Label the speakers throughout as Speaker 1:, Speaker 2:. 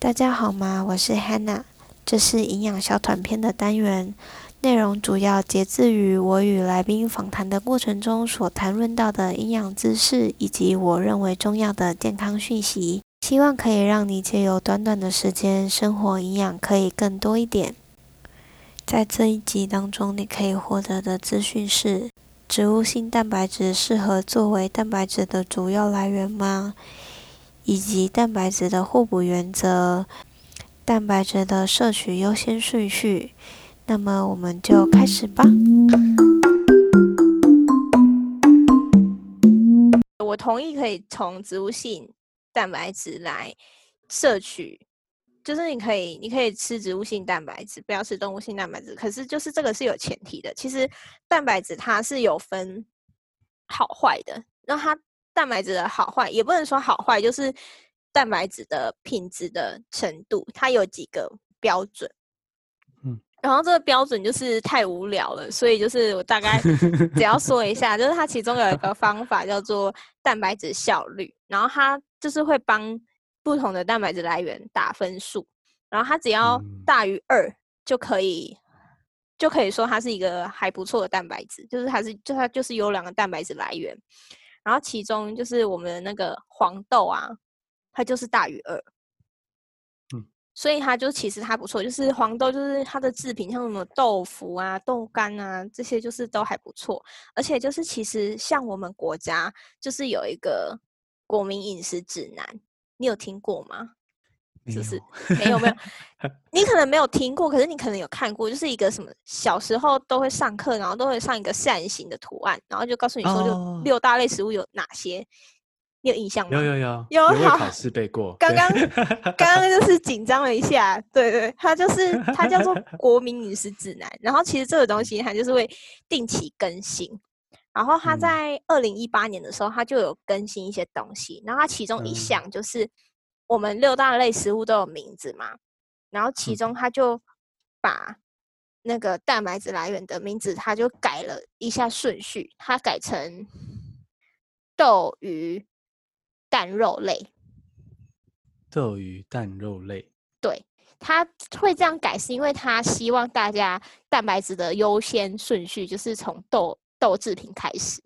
Speaker 1: 大家好嗎？我是 Hannah，這是營養小短片的單元，內容主要節自於我與來賓訪談的過程中所談論到的營養知識以及我認為重要的健康訊息。希望可以讓你借由短短的時間，生活營養可以更多一點。在這一集當中，你可以獲得的資訊是：植物性蛋白質適合作為蛋白質的主要來源嗎？以及蛋白質的互補原則，蛋白質的攝取優先順序。那麼我們就開始吧。
Speaker 2: 我同意可以從植物性蛋白質來攝取，就是你可以，你可以吃植物性蛋白質，不要吃動物性蛋白質。可是就是這個是有前提的，其實蛋白質它是有分好壞的，那它。蛋白質的好壞也不能說好壞，就是蛋白質的品質的程度，它有幾個標準。嗯、然後這個標準就是太無聊了，所以就是我大概只要說一下， 就是它其中有一個方法叫做蛋白質效率，然後它就是會幫不同的蛋白質來源打分數，然後它只要大於二、嗯、就可以就可以說它是一個還不錯的蛋白質，就是它是就它就是優良的蛋白質來源。然後其中就是我們的那個黃豆啊，它就是大於二，嗯，所以它就其實還不錯。就是黃豆就是它的製品，像什麼豆腐啊、豆干啊這些，就是都還不錯。而且就是其實像我們國家就是有一個國民飲食指南，你有聽過嗎？
Speaker 1: 是不是沒、欸、有沒
Speaker 2: 有， 你可能沒有聽過，可是你可能有看過，就是一個什麼小時候都會上課，然後都會上一個扇形的圖案，然後就告訴你說六六大類食物有哪些，哦、你有印象嗎？有
Speaker 1: 有有有，好，考試背過。剛
Speaker 2: 剛剛剛就是緊張了一下，對對、對，它就是它叫做《國民飲食指南》，然後其實這個東西它就是會定期更新，然後它在二零一八年的時候它、嗯、就有更新一些東西，然後它其中一項就是。嗯我們六大類食物都有名字嘛，然後其中他就把那個蛋白質來源的名字，他就改了一下順序，他改成豆魚蛋肉類。
Speaker 1: 豆魚蛋肉類，
Speaker 2: 對，他會這樣改，是因為他希望大家蛋白質的優先順序就是從豆豆制品開始。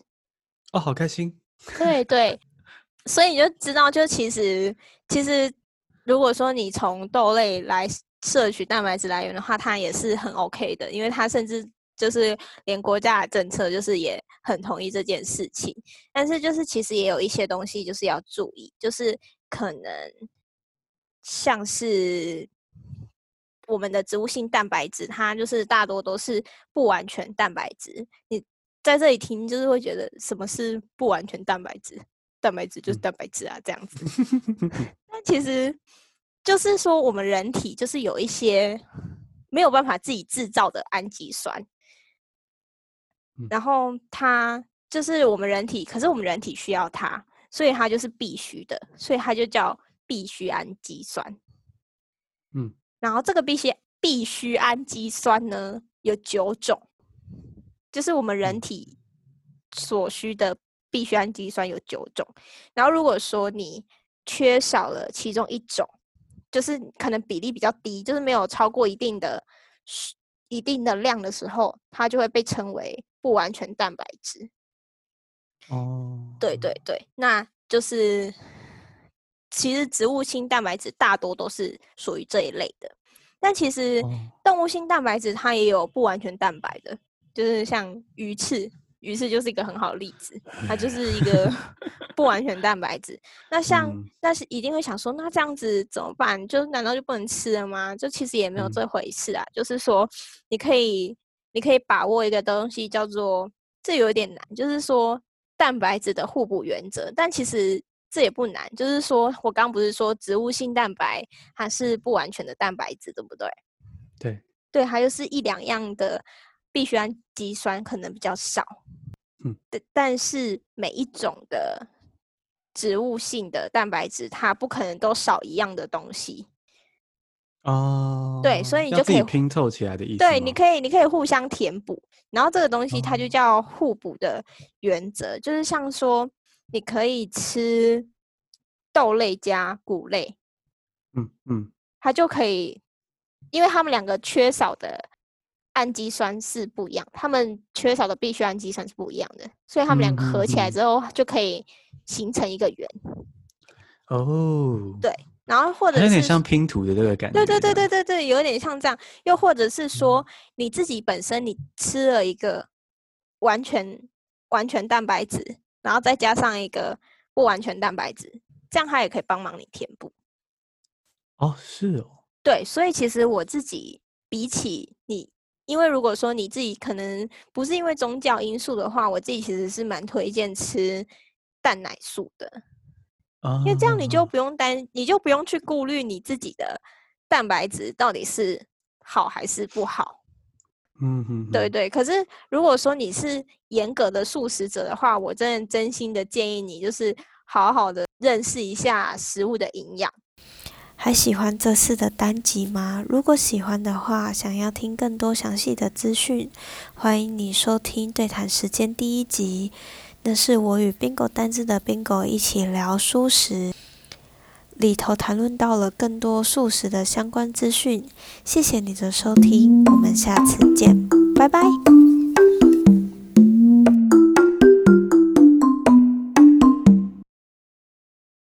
Speaker 1: 哦，好開心。對
Speaker 2: 對。對所以你就知道，就其實，其實，如果說你從豆類來攝取蛋白質來源的話，它也是很 OK 的，因為它甚至就是連國家的政策就是也很同意這件事情。但是就是其實也有一些東西就是要注意，就是可能像是我們的植物性蛋白質，它就是大多都是不完全蛋白質。你在這裡聽，就是會覺得什麼是不完全蛋白質？蛋白質就是蛋白質啊，這樣子。那 其實就是說，我們人體就是有一些沒有辦法自己製造的氨基酸，然後它就是我們人體，可是我們人體需要它，所以它就是必須的，所以它就叫必需氨基酸。嗯，然後這個必須必需氨基酸呢，有九種，就是我們人體所需的。必需氨基酸有九種，然後如果說你缺少了其中一種，就是可能比例比較低，就是沒有超過一定的、一定的量的時候，它就會被稱為不完全蛋白質。哦，嗯、對對對，那就是其實植物性蛋白質大多都是屬於這一類的，但其實動物性蛋白質它也有不完全蛋白的，就是像魚翅。於是就是一個很好的例子，它就是一個不完全蛋白質。 那像那是一定會想說，那這樣子怎麼辦？就難道就不能吃了嗎？就其實也沒有這回事啊。嗯、就是說，你可以你可以把握一個東西叫做，這有點難，就是說蛋白質的互補原則。但其實這也不難，就是說我剛不是說植物性蛋白它是不完全的蛋白質，對不對？
Speaker 1: 對
Speaker 2: 對，還有是一兩樣的必需氨基酸，可能比較少。但但是每一種的植物性的蛋白質，它不可能都少一樣的東西
Speaker 1: 哦。
Speaker 2: 對，所以你就可以
Speaker 1: 拼湊起來的意思。對，你
Speaker 2: 可以你可以互相填補，然後這個東西它就叫互補的原則，就是像說你可以吃豆類加穀類，
Speaker 1: 嗯嗯，
Speaker 2: 它就可以，因為他們兩個缺少的。氨基酸是不一樣，他們缺少的必需氨基酸是不一樣的，所以他們兩個合起來之後就可以形成一個圓。
Speaker 1: 哦、嗯嗯，
Speaker 2: 對，然後或者是有點像
Speaker 1: 拼圖的這個感覺。對對
Speaker 2: 對對對對，有點像這樣。又或者是說你自己本身你吃了一個完全完全蛋白質，然後再加上一個不完全蛋白質，這樣它也可以幫忙你填補。
Speaker 1: 哦，是哦。
Speaker 2: 對，所以其實我自己比起你。因為如果說你自己可能不是因為宗教因素的話，我自己其實是蠻推薦吃蛋奶素的啊
Speaker 1: ，uh、因為這樣你就
Speaker 2: 不用擔，你就不用去顧慮你自己的蛋白質到底是好還是不好。嗯哼、mm。
Speaker 1: Hmm. 對
Speaker 2: 對。可是如果說你是嚴格的素食者的話，我真的真心的建議你，就是好好的認識一下食物的營養。
Speaker 1: 還喜歡這次的單集嗎？如果喜歡的話，想要聽更多詳細的資訊，歡迎你收聽《對談時間》第一集。那是我與 bingo 單字的 bingo 一起聊書時，裡頭談論到了更多素食的相關資訊。謝謝你的收聽，我們下次見，拜拜！